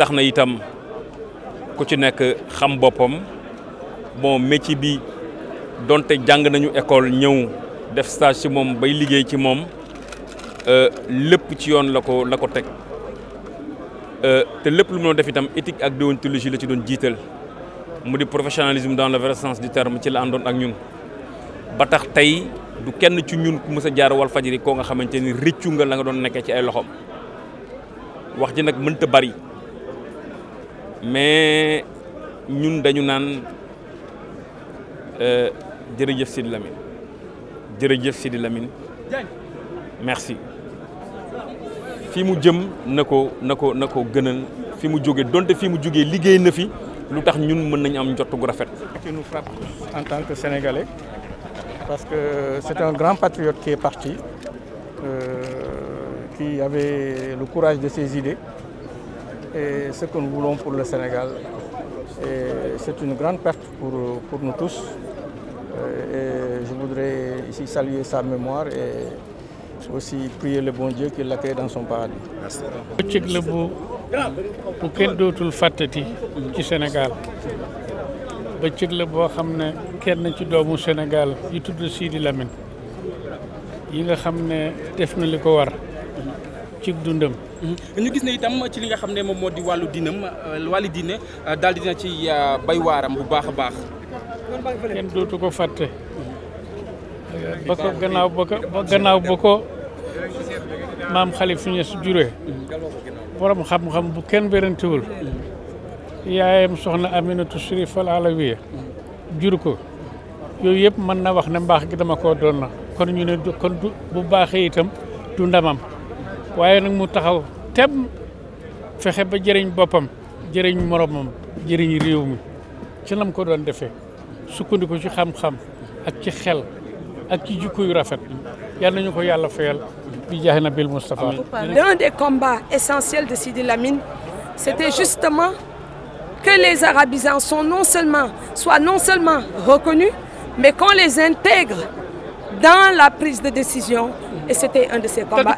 tax na itam ku ci nekk xam boppam bon métier bi donte jàng nañu école ñëw def stage ci moom bay liggéey ci moom euh, lépp ci yoon la ko la ko teg euh, te lépp lu mu doon def itam éthique ak déontologie la ci doon jiital mu di professionnalisme dans le vrai sens du terme ci la àndoon ak ñun ba tax tey du kenn ci ñun ku mës a jaar Walfadjri koo nga xamante ni rëccu nga la nga doon nekkee ci ay loxoom wax ji nag mënta bari mais ñun dañu naan euh, jërëjëf Sidi Lamine jërëjëf Sidi Lamine merci fi mu jëm nako nako nako gënal fi mu joggé donte fi mu joggé liggéey na fi lutax ñun mën nañu am jottu gu rafet. qui nous frappe en tant que sénégalais parce que c'est un grand patriote qui est parti euh, qui avait le courage de ses idées et ce que nous voulons pour le Sénégal. C'est une grande perte pour, pour nous tous. Euh, je voudrais ici saluer sa mémoire et aussi prier le bon Dieu qu'il l'accueille dans son paradis. bëccëg la bu bu kenn dootul fàttati ci Sénégal bëccëg la boo xam ne kenn ci doomu Sénégal yi tudd Sidi Lamine yi nga xam ne def na li ko war ci dundam. ñu gis ne itam ci li nga xam ne moom moo di wàllu dinam euh, wàllu diine euh, daal dina ci euh, bay waaram bu baax a baax. kenn dootu ko fàtte. ba gannaaw ba ko gannaaw ba ko maam Khalifa Niass juree. borom xam-xam bu kenn berantewul. yaayam soxna Aminatu Chérif Al Alawiya jur ko yooyu yëpp mën na wax ne mbaax gi dama koo doon na kon ñu ne kon bu baaxee itam du ndamam. waye nak mu taxaw tem fexé ba jëriñ bopam jëriñ moromam jëriñ réew mi ci lam ko doon défé sukkandiku ci xam-xam ak ci xel ak ci jikko yu rafet yalla ñu ko yalla fayal bi jaaxe bil mustafa l'un des combats essentiels de Sidi Lamine c'était justement que les arabisans sont non seulement soient non seulement reconnus mais qu'on les intègre dans la prise de décision et c'était un de ces combats.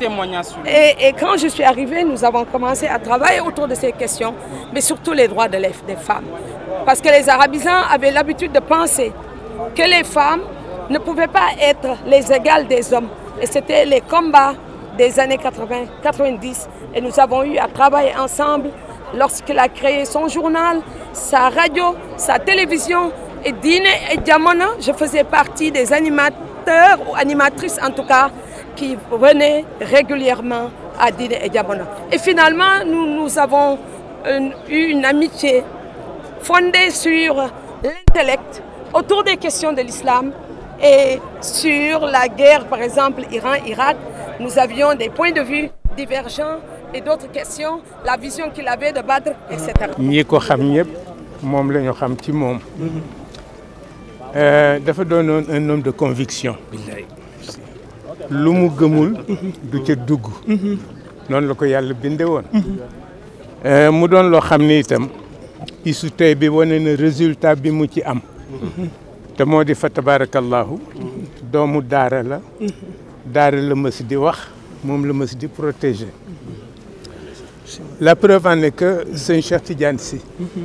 Et, quand je suis arrivée, nous avons commencé à travailler autour de ces questions, mais surtout les droits des femmes. Parce que les arabisans avaient l'habitude de penser que les femmes ne pouvaient pas être les égales des hommes. Et c'était les combats des années 80, 90. Et nous avons eu à travailler ensemble lorsqu'il a créé son journal, sa radio, sa télévision. Et Dine et Diamona, je faisais partie des animateurs ou animatrices en tout cas qui venaient régulièrement à Dine et Diabona. Et finalement, nous, nous avons euh, eu une amitié fondée sur l'intellect autour des questions de l'islam et sur la guerre, par exemple, Iran-Irak. Nous avions des points de vue divergents et d'autres questions, la vision qu'il avait de Badr, etc. Euh, un homme de conviction lumu mu gëmul du ca dugg non la ko yàlla binde euh mu doon lo xamni isu tay bi résultat bi mu ci am te modi fa tabarakallah doomu dara la dara la mës di wax mom la mës di protégé la preuve en est que sëñ Cheikh Tidiane si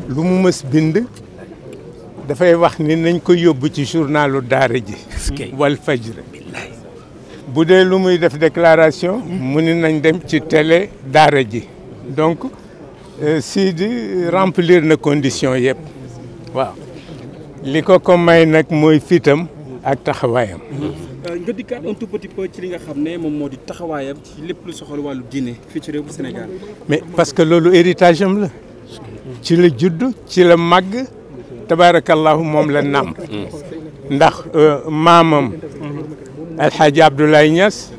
lumu mu bind da fay wax ni nañ ko yóbbu ci journalu dara ji wal fajr Budé dee lu muy def déclaration mu ni nañ dem ci télé daara ji donc euh, Sidi remplir na condition yëpp waaw li ko ko may nag mooy fitam ak taxawaayam euh, nga dikkaat un tout petit peu ci li nga xam ne moom moo di taxawaayam ci lépp lu soxal wàllu diine fii ci réew bu Sénégal mais parce que loolu héritage am la ci la judd ci la màgg tabaarakallahu moom la nàmp ndax euh, maamam الحاج عبد الله نياس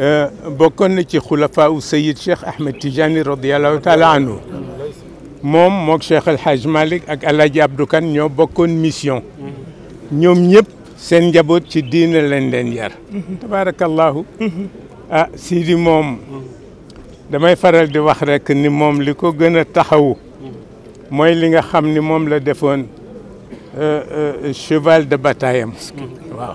آه، بكون كي خلفاء السيد الشيخ احمد تيجاني رضي الله تعالى عنه موم موك شيخ الحاج مالك اك الحاج عبد كان ньо بكون ميسيون ньоم نيب سين جابوت سي دين لين دين يار تبارك الله ا آه، سيدي موم داماي فارال دي واخ رك ني موم ليكو غنا تاخاو موي ليغا خامني موم لا ديفون ا آه، ا شيفال دي باتايام واو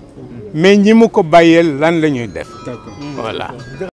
mais ñi mu ko bàyyeel lan la ñuy def. voilà.